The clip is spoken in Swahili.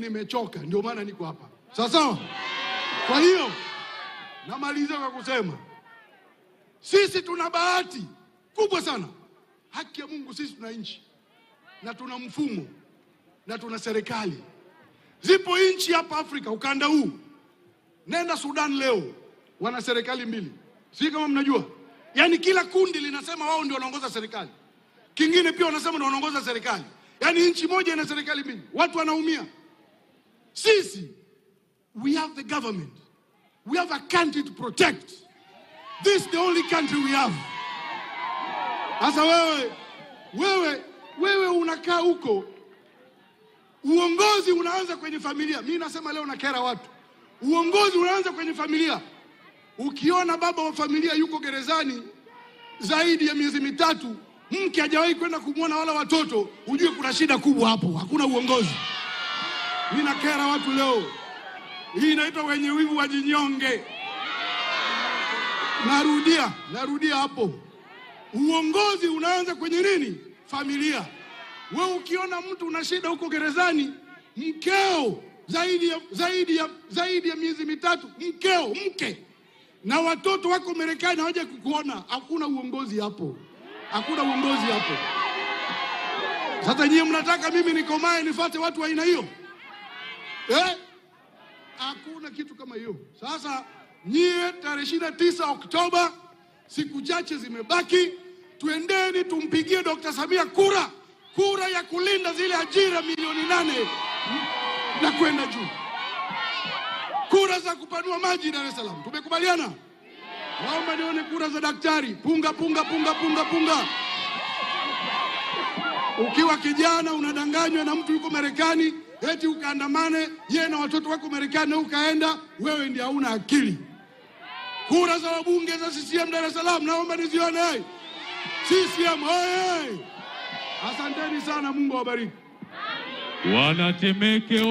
mimi nimechoka, ndio maana niko hapa. sawa. Kwa hiyo namaliza kwa kusema sisi tuna bahati kubwa sana, haki ya Mungu, sisi tuna nchi na tuna mfumo na tuna serikali. Zipo nchi hapa Afrika ukanda huu, nenda Sudan leo, wana serikali mbili, si kama mnajua, yaani kila kundi linasema wao ndio wanaongoza serikali, kingine pia wanasema ndio wanaongoza serikali, yaani nchi moja ina serikali mbili, watu wanaumia. Sisi, we have the government. We have a country to protect. This is the only country we have. Sasa wewe, wewe, wewe unakaa huko, uongozi unaanza kwenye familia. Mi nasema leo nakera watu, uongozi unaanza kwenye familia. Ukiona baba wa familia yuko gerezani zaidi ya miezi mitatu, mke hajawahi kwenda kumwona wala watoto, ujue kuna shida kubwa hapo, hakuna uongozi inakera watu leo. Hii inaitwa wenye wivu jinyonge. Narudia, narudia hapo, uongozi unaanza kwenye nini? Familia. We ukiona mtu una shida huko gerezani, mkeo zaidi ya, zaidi ya, zaidi ya miezi mitatu, mkeo mke na watoto wako Marekani hawaja kukuona, hakuna uongozi hapo, hakuna uongozi hapo. Sasa nyie mnataka mimi nikomae nifuate watu wa aina hiyo? Eh? Hakuna kitu kama hiyo. Sasa nyie, tarehe ishirini na tisa Oktoba, siku chache zimebaki, twendeni tumpigie Dr. Samia kura, kura ya kulinda zile ajira milioni nane na kwenda juu, kura za kupanua maji Dar es Salaam. Tumekubaliana? Naomba nione kura za daktari. Punga, punga, punga, punga, punga. Ukiwa kijana unadanganywa na mtu yuko Marekani eti ukaandamane yeye na watoto wako Marekani na ukaenda wewe, ndio hauna akili. Kura za wabunge za CCM Dar es Salaam naomba nizione. CCM oye! Asanteni sana, Mungu awabariki. Wanatemeke